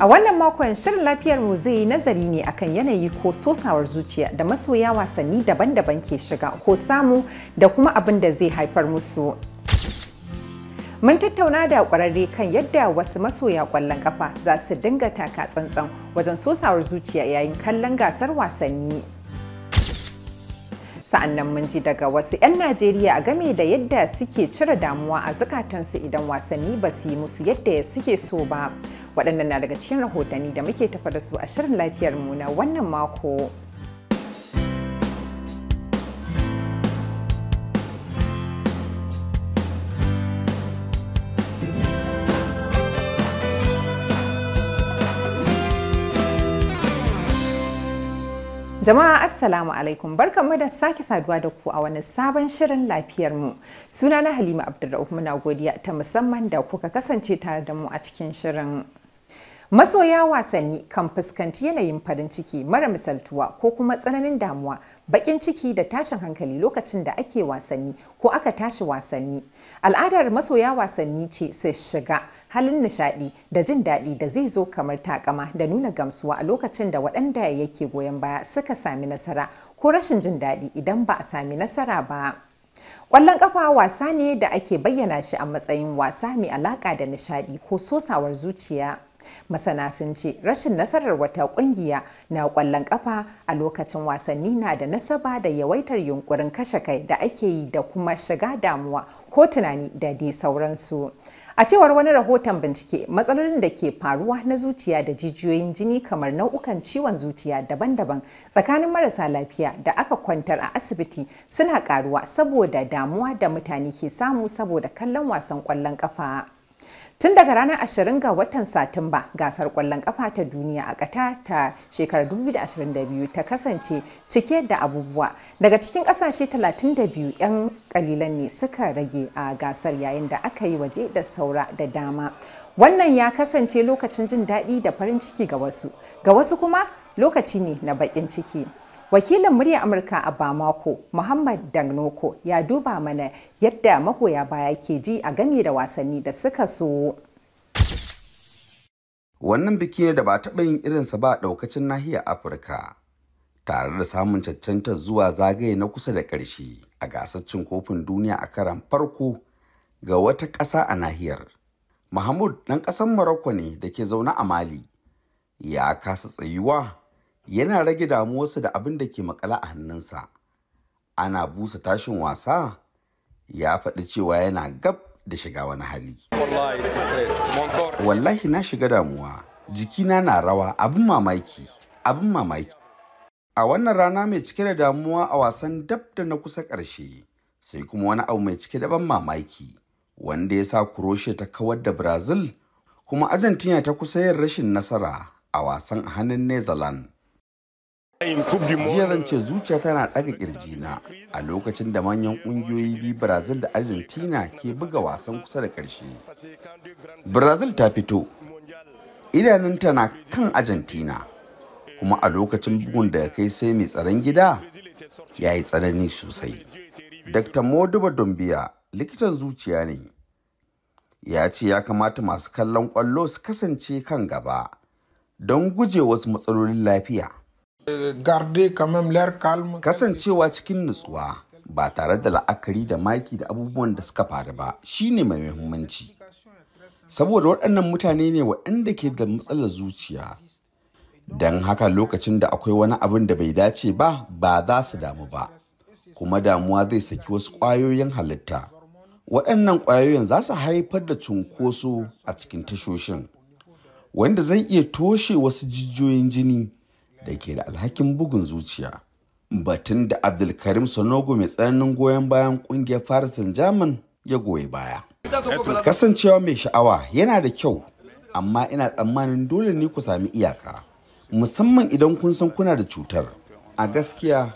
A wannan makon shirin lafiyar mu zai yi nazari ne akan yanayi ko sosawar zuciya da masoya wasanni daban-daban ke shiga ko samu da kuma abin da zai haifar musu. Mun tattauna da ƙwararre kan yadda wasu masoya ƙwallon kafa za su dinga taka tsantsan wajen sosawar zuciya yayin kallon gasar wasanni. sa'annan mun ji daga wasu 'yan Najeriya a game da yadda suke cire damuwa a zukatansu idan wasanni ba su yi musu yadda suke so ba. waɗannan na daga cikin rahotanni da muke tafa da su a shirin lafiyarmu na wannan mako Jama'a Assalamu alaikum barkanmu da sake saduwa da ku a wani sabon shirin lafiyar mu. suna na Halima Abdulrahman muna godiya ta musamman da kuka kasance tare da mu a cikin shirin. Masoya wasanni kan fuskanci yanayin farin ciki mara misaltuwa ko kuma tsananin damuwa, bakin ciki da tashin hankali lokacin da ake wasanni ko aka tashi wasanni. Al'adar masoya wasanni ce su shiga halin nishadi da jin daɗi da zai zo kamar takama da nuna gamsuwa a lokacin da waɗanda yake goyon baya suka sami nasara ko rashin jin daɗi idan ba a sami nasara ba. Ƙwallon ƙafa wasa ne da ake bayyana shi a matsayin wasa mai alaƙa da nishadi ko sosawar zuciya. masana sun ce rashin nasarar wata kungiya na kwallon kafa a lokacin wasanni na da nasaba da yawaitar yunkurin kashe kai da ake yi da kuma shiga damuwa ko tunani da dai sauransu a cewar wani rahoton bincike matsalolin da ke faruwa na zuciya da jijiyoyin jini kamar nau'ukan ciwon zuciya daban-daban tsakanin marasa lafiya da aka kwantar a asibiti suna karuwa saboda damuwa da mutane ke samu saboda kallon wasan kwallon kafa Tun daga ranar 20 ga watan Satumba gasar kwallon kafa ta duniya a Qatar ta shekarar 2022 ta kasance cike da abubuwa. Daga cikin kasashe 32 'yan kalilan ne suka rage a gasar yayin da aka yi waje da saura da dama. Wannan ya kasance lokacin jin daɗi da farin ciki ga wasu, ga wasu kuma lokaci ne na baƙin ciki. wakilin muryar amurka a bamako muhammad dagnoko ya duba mana yadda magoya baya ke ji a game da wasanni da suka so wannan biki ne da ba taɓa yin irinsa ba a ɗaukacin nahiyar afirka tare da samun caccantar zuwa zagaye na kusa da ƙarshe a gasar cin kofin duniya a karan farko ga wata ƙasa a nahiyar mahmud ɗan ƙasar maroko ne da ke zaune a mali ya kasa tsayuwa yana rage damuwarsa da abin da ke makala a hannunsa ana busa tashin wasa ya faɗi cewa yana gab da shiga wani hali wallahi na shiga damuwa jikina na rawa abin mamaki abin mamaki a wannan rana mai cike da damuwa a wasan dab da na kusa ƙarshe sai kuma wani abu mai cike da ban mamaki wanda ya sa kuroshe ta kawar da brazil kuma argentina ta kusa yin rashin nasara a wasan a hannun netherlands jiya zan ce zuciya tana ɗaga na a lokacin da manyan ƙungiyoyi biyu brazil da argentina ke buga wasan kusa da ƙarshe brazil ta fito idanunta na kan argentina kuma a lokacin bugun da kai sai mai tsaron gida ya yi tsanani sosai dr moduba dumbiya likitan zuciya ne ya ce ya kamata masu kallon ƙwallo su kasance kan gaba don guje wasu matsalolin lafiya garder Kasancewa cikin nutsuwa ba tare da la'akari da maki da abubuwan da suka faru ba shine mai muhimmanci. Saboda waɗannan mutane ne waɗanda ke da matsalar zuciya. Don haka lokacin da akwai wani abin da bai dace ba ba za su damu ba. Kuma damuwa zai saki wasu ƙwayoyin halitta. Waɗannan ƙwayoyin za su haifar da cunkoso a cikin tashoshin. Wanda zai iya toshe wasu jijiyoyin jini da ke da alhakin bugun zuciya batun da abdulkarim sanogo mai tsananin goyon bayan kungiyar Faransan Jaman ya goyi baya kasancewa mai sha'awa yana da kyau amma ina tsammanin dole ne ku sami iyaka musamman idan kun san kuna da cutar a gaskiya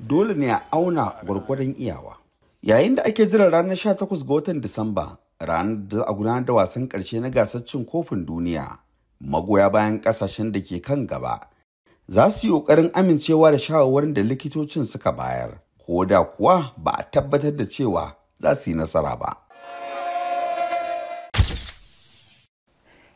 dole ne a auna gwargwadon iyawa yayin da ake jiran ranar 18 ga watan disamba ranar da a gudanar da wasan ƙarshe na gasar cin kofin duniya magoya bayan ƙasashen da ke kan gaba za su yi ƙoƙarin amincewa da shawarwarin da likitocin suka bayar ko da kuwa ba a tabbatar da cewa za su yi nasara ba.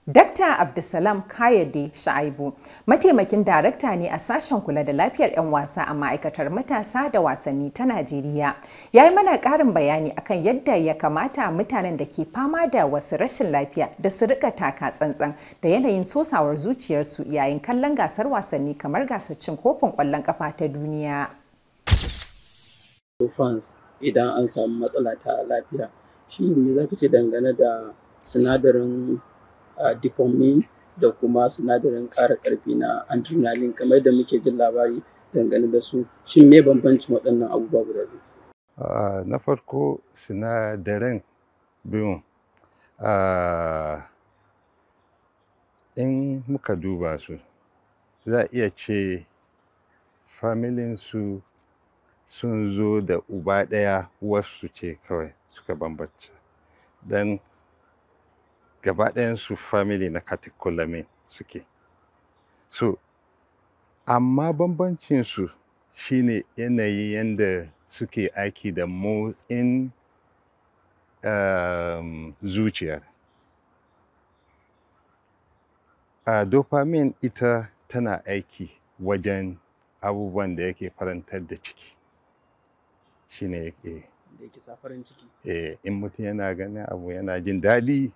Dakta Abdulsalam Kayade Sha'aibu, mataimakin darakta ne a sashen kula da lafiyar 'yan wasa a ma'aikatar matasa da wasanni ta Najeriya. Ya yi mana ƙarin bayani akan yadda ya kamata mutanen da ke fama da wasu rashin lafiya da su rika taka tsantsan da yanayin sosawar zuciyarsu yayin kallon gasar wasanni kamar gasar cin kofin ƙwallon kafa ta duniya. idan an samu matsala ta lafiya, shi ne za ce dangane da sinadarin dopamine da kuma sinadarin ƙara ƙarfi na adrenaline kamar da muke jin labari dangane da su shin me bambancin waɗannan abubuwa guda biyu na farko sinadaran biyun in muka duba su za a iya ce su sun zo da uba ɗaya wasu ce kawai suka bambanta don gaba su family na catecholamine suke so amma su shine yanayi yadda suke aiki da motsin um, A uh, dopamine ita tana aiki wajen abubuwan da yake farantar da ciki shine yake yake sa ciki eh in mutum yana ganin abu yana jin daɗi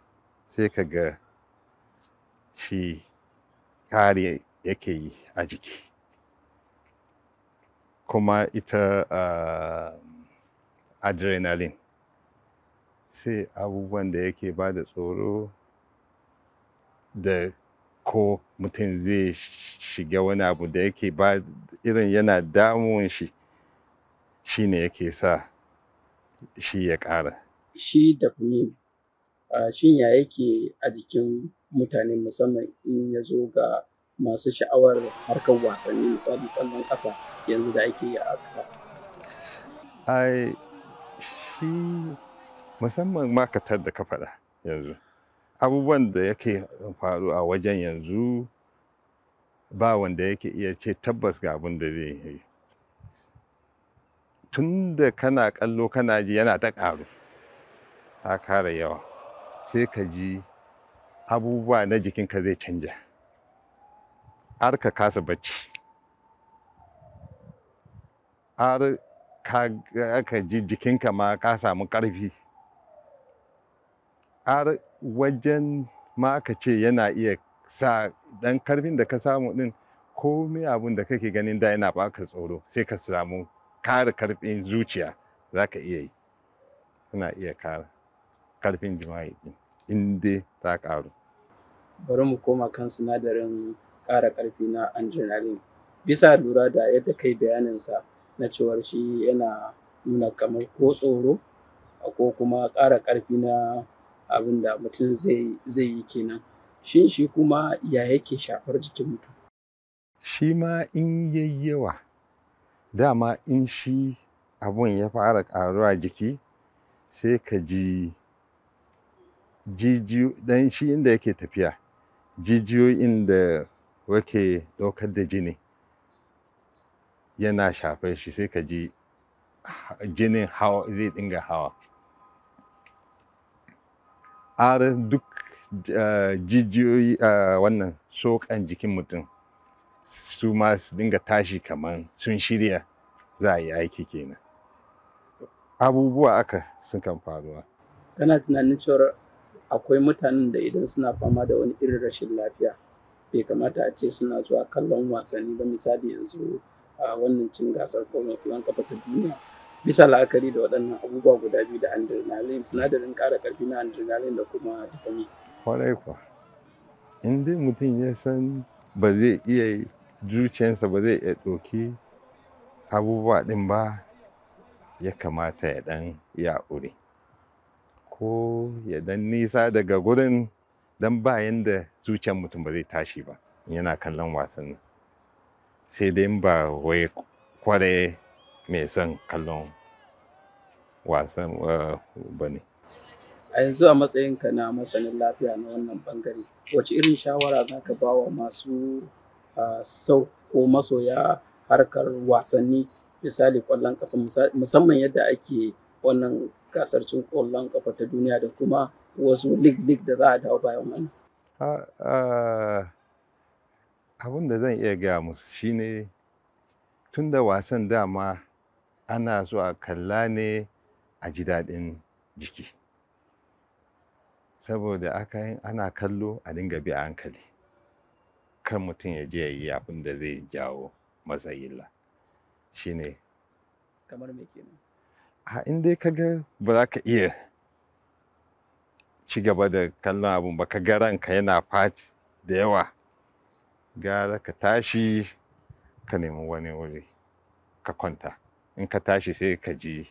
sai ka ga shi kare yake yi a jiki kuma ita uh, adrenaline sai abubuwan da yake ba da tsoro da ko mutum zai shiga wani abu da yake ba irin yana damuwan shi shi yake sa shi ya ƙara. Shi dopamine shin ya yake a jikin mutane musamman in ya zo ga masu sha'awar harkar wasanni misali kallon kafa yanzu da ake yi a kafa ai shi musamman makatar da ka faɗa yanzu abubuwan da yake faru a wajen yanzu ba wanda yake iya ce tabbas ga abin da zai yi tun da kana kallo kana ji yana ta karu ta kara yawa sai ka ji abubuwa na jikinka zai canja har ka kasa bacci har ka ji jikinka ma ka samu ƙarfi har wajen ma ka ce yana iya sa ɗan karfin da ka samu ɗin komai abin da kake ganin da yana baka tsoro sai ka samu kare karfin zuciya za ka iya yi kana iya kare karfin jima'i din in dai ta ƙaru. Bari mu koma kan sinadarin ƙara ƙarfi na adrenaline. Bisa lura da yadda kai bayaninsa na cewar shi yana nuna kamar ko tsoro ko kuma ƙara ƙarfi na abin da mutum zai yi kenan. Shin shi kuma ya yake shafar jikin mutum? Shi ma in yayyawa dama in shi abun ya fara ƙaruwa jiki sai ka ji jijiyo dan shi inda yake tafiya jijiyoyin da wake ɗaukar da jini yana shafar shi sai ka ji jinin hawa zai dinga hawa ara duk eh, jijiyoyi eh, wannan sokan jikin mutum su ma su dinga tashi kamar sun shirya za a yi aiki kenan abubuwa aka sun kan faruwa kana tunanin cewar akwai mutanen da idan suna fama da wani irin rashin lafiya bai kamata a ce suna zuwa kallon wasanni ba misali yanzu a wannan cin gasar kwallon kafa ta duniya bisa la'akari da waɗannan abubuwa guda biyu da adrenaline sinadarin ƙara ƙarfi na adrenaline da kuma dopamine kwarai kwa in dai mutum ya san ba zai iya zuciyarsa ba zai iya ɗauki abubuwa ɗin ba ya kamata ya ɗan ya ure. ko ya dan nisa daga gurin dan ba yanda zuciyar mutum ba zai tashi ba yana kallon wasan sai dai ba wai kware mai son kallon wasan eh, ba ne a yanzu a matsayinka na masanin lafiya na wannan bangare wace irin shawara za ka ba wa masu ah, sau ko masoya harkar wasanni misali kwallon kafa musamman yadda ake wannan gasar cin ƙwallon kafa ta duniya da kuma wasu lig-lig da za a dawo bayan wannan? Abin da zan iya gaya musu shine tun da wasan dama ana so a kalla ne a ji daɗin jiki. Saboda aka yin ana kallo a dinga bi a hankali. Kan mutum ya je ya yi abin da zai jawo matsayin la. Shine. Kamar me kenan? in dai ka ga ba za ka iya ci gaba da kallon abun ba ka ga ranka yana faci da yawa gara ka tashi ka nemi wani wuri ka kwanta in ka tashi sai ka ji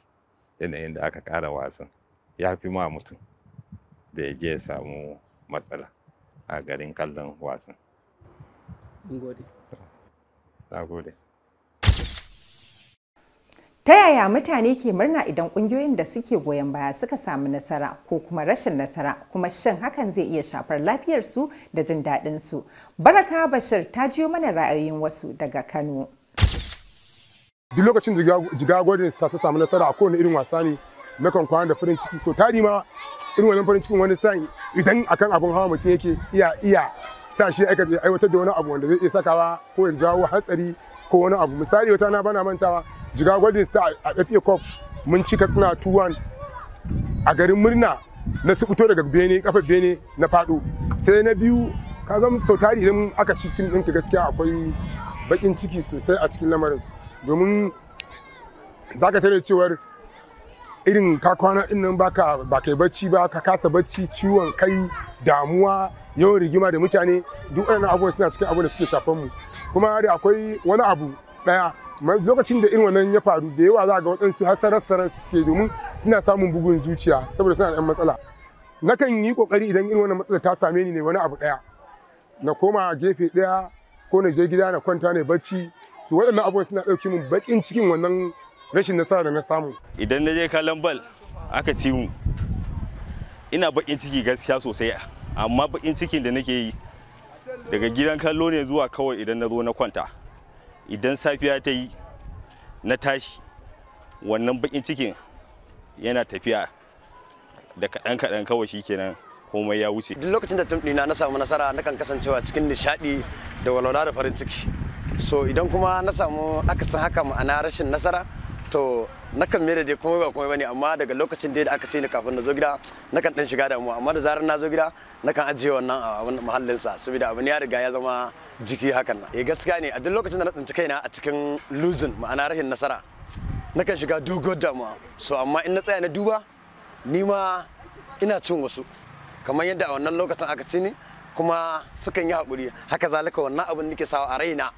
yanayin da aka kara wasan ya fi ma mutum da ya je ya samu matsala a garin kallon wasan. Na gode. Ta yaya mutane ke murna idan ƙungiyoyin da suke goyon baya suka samu nasara ko kuma rashin nasara kuma shin hakan zai iya shafar lafiyar su da jin su Baraka Bashir ta jiyo mana ra'ayoyin wasu daga Kano. Duk lokacin jiga Golden ta samu nasara a kowane irin wasa ne na kwankwana da farin ciki so tari ma irin wannan farin cikin wani sa idan akan abin hawa mutum yake iya iya sa shi aiwatar da wani abu wanda zai iya sakawa ko ya jawo hatsari ko wani abu misali wata na bana mantawa jiga golden star a FA cup mun ci katsina 2-1 a garin murna na su fito daga bene kafa bene na fado sai na biyu ka sau tari idan aka ci tim ɗinka gaskiya akwai bakin ciki sosai a cikin lamarin domin zaka tare cewar irin ka kwana din nan baka ba kai bacci ba ka kasa bacci ciwon kai damuwa yawan rigima da mutane duk waɗannan abubuwan suna cikin abu da suke shafan mu kuma da akwai wani abu daya lokacin da irin wannan ya faru da yawa za ga waɗansu hasarar suke domin suna samun bugun zuciya saboda suna da matsala nakan yi kokari idan irin wannan matsala ta same ni ne wani abu daya na koma gefe daya ko na je gida na kwanta ne bacci to waɗannan abubuwan suna ɗauki mun baƙin cikin wannan rashin nasara da na samu idan na je kallon bal aka ci mu ina bakin ciki gaskiya sosai amma bakin cikin da nake yi daga gidan kallo ne zuwa kawai idan na zo na kwanta idan safiya ta yi na tashi wannan bakin cikin yana tafiya da kaɗan kaɗan kawai shikenan komai ya wuce duk lokacin da tumɗina na samu nasara na kan kasancewa cikin nishaɗi da walwala da farin ciki so idan kuma na samu akasin haka ma'ana rashin nasara to nakan mere dai komai ba komai bane amma daga lokacin da aka ce ni kafin na zo gida nakan dan shiga damuwa amma da zarar na zo gida nakan ajiye wannan a ah, wannan muhallin sa saboda abin ya riga ya zama jiki hakan na eh gaskiya ne a duk lokacin da na tsinci kaina a cikin losing ma'ana rahin nasara nakan shiga dogon damuwa so amma in na tsaya na duba ni ma ina cin wasu kamar yadda a wannan lokacin aka ci ni kuma sukan yi haƙuri haka zalika wannan abin nake sawa a raina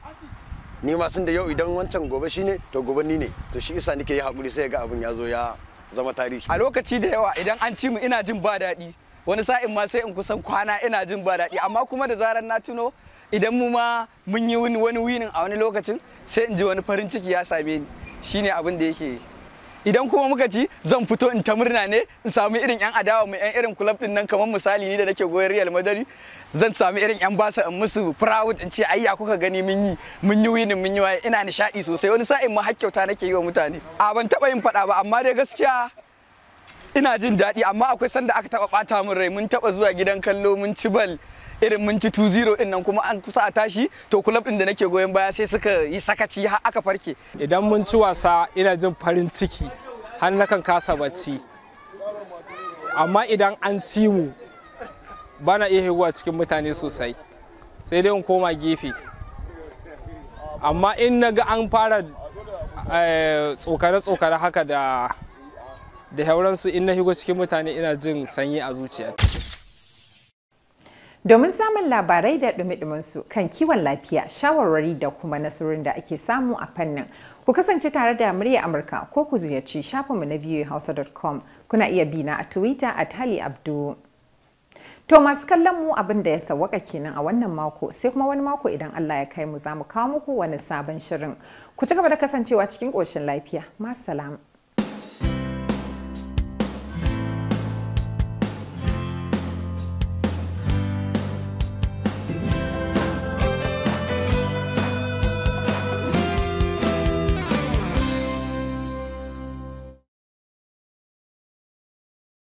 ni ma sun da yau idan wancan gobe shine to gobe ni ne to shi isa nike yi hakuri sai ga abin ya zo ya zama tarihi a lokaci da yawa idan an ci mu ina jin ba daɗi wani sa'in ma sai in kusan kwana ina jin ba daɗi amma kuma da zarar na tuno idan mu ma mun yi wani winin a wani lokacin sai in ji wani farin ciki ya same ni shine abin da yake idan kuma muka ci zan fito in ta murna ne in samu irin yan adawa mu yan irin club din nan kamar misali ni da nake goyon Real Madrid zan samu irin yan basa in musu proud in ce ayya kuka gani mun yi mun yi winin mun yi ina nishadi sosai wani sa'in ma hakkauta nake yi wa mutane a ban taba yin fada ba amma dai gaskiya ina jin daɗi amma akwai sanda aka taba bata mun rai mun taba zuwa gidan kallo mun ci bal irin mun ci 2-0 din nan kuma an kusa a tashi to club din da nake goyon baya sai suka yi sakaci har aka farke idan mun ci wasa ina jin farin ciki har na kan kasa bacci amma idan an ci mu bana iya higuwa cikin mutane sosai sai dai in koma gefe amma in na ga an fara eh, tsokare-tsokare haka da da hauransu in na higo cikin mutane ina jin sanyi a zuciya. Domin samun labarai da dumi su kan kiwon lafiya, shawarwari da kuma nasarorin da ake samu a fannin, ku kasance tare da murya Amurka ko ku ziyarci shafinmu na voahausa.com kuna iya bina a Twitter at Hali Abdu. To masu kallon mu abin da ya sauwaka kenan a wannan mako sai kuma wani mako idan Allah ya kai mu za mu kawo muku wani sabon shirin. Ku ci gaba da kasancewa cikin koshin lafiya. Masalam.